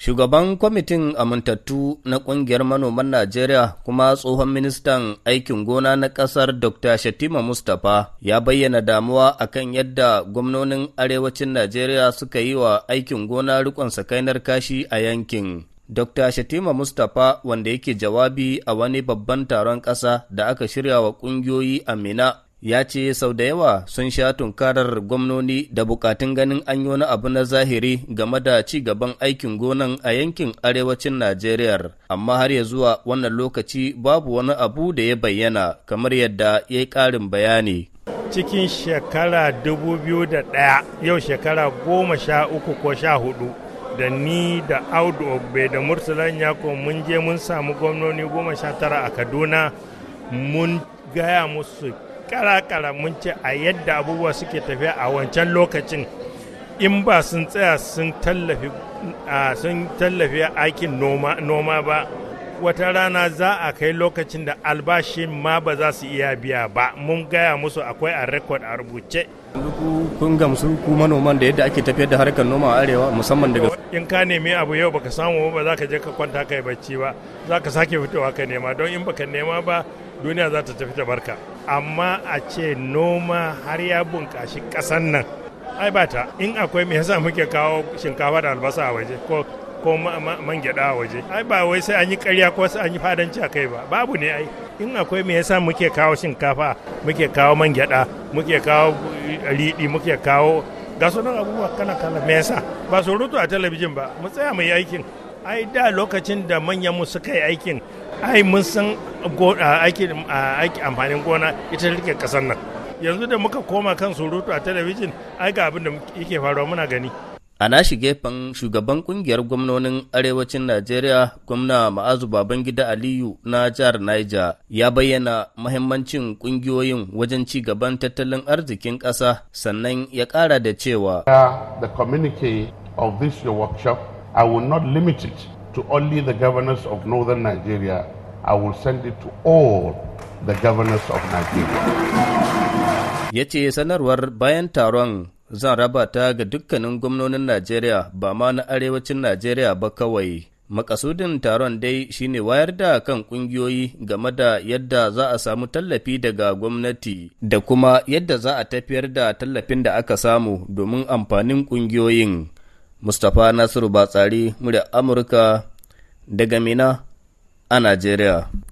Shugaban kwamitin amintattu na ƙungiyar manoman Najeriya kuma tsohon ministan aikin gona na ƙasar Dr. Shatima Mustapha ya bayyana damuwa akan yadda gwamnonin arewacin Najeriya suka yi wa aikin gona riƙon sakainar kashi a yankin. Dr. Shatima Mustapha wanda yake jawabi a wani babban taron ƙasa da aka shirya wa ƙungiyoyi a Mina ya ce sau da yawa sun sha tunkarar gwamnoni da bukatun ganin an yi wani abu na zahiri game da ci gaban aikin gonan a yankin arewacin Najeriya, amma har ya zuwa wannan lokaci babu wani abu da ya bayyana kamar yadda ya yi ƙarin bayani. Cikin shekara 2001 yau shekara goma sha uku ko sha hudu da ni da Audu Ogbe da Murtalan Yako mun je mun samu gwamnoni goma sha tara a Kaduna mun gaya musu kara-kara mun ce a yadda abubuwa suke tafiya a wancan lokacin in ba sun tsaya sun tallafi sun tallafi aikin noma ba wata rana za a kai lokacin da albashin ma ba za su iya biya ba mun gaya musu akwai a rekod a rubuce kun gamsu ku manoman da yadda ake tafiyar da harkar noma a arewa musamman daga in ka nemi abu yau baka samu ba za ka je ka kwanta kai bacci ba za ka sake fitowa ka nema don in baka nema ba duniya za ta tafi ta barka amma a ce noma har ya bunƙashi ƙasan nan ai ba ta in akwai me yasa muke kawo shinkafa da albasa a waje ko ko man gyada a waje ai ba wai sai an yi ƙarya ko sai an yi fadanci a kai ba babu ne ai in akwai me yasa muke kawo shinkafa muke kawo man gyada muke kawo riɗi muke kawo ga nan abubuwa kana kala me yasa ba su rutu a talabijin ba mu tsaya mu yi aikin ai da lokacin da manyan mu suka yi aikin ai mun san amfanin gona ita rike kasar nan yanzu da muka koma kan surutu a talabijin ai ga abin da yake faruwa muna gani a nashi gefen shugaban kungiyar gwamnonin arewacin najeriya gwamna ma'azu babangida aliyu na jihar niger ya bayyana mahimmancin kungiyoyin wajen ci gaban tattalin arzikin ƙasa sannan ya ƙara da cewa the communique of this your workshop i will not limit it to only the governors of northern nigeria I will send it to all the governors of Nigeria. Ya ce sanarwar bayan taron zan raba ta ga dukkanin gwamnonin Najeriya ba ma na arewacin Najeriya ba kawai. Makasudin taron dai shine wayar da kan ƙungiyoyi game da yadda za a samu tallafi daga gwamnati da kuma yadda za a tafiyar da tallafin da aka samu domin amfanin ƙungiyoyin. Mustapha Nasiru Batsari, murya Amurka, daga Mina. a Najeriya.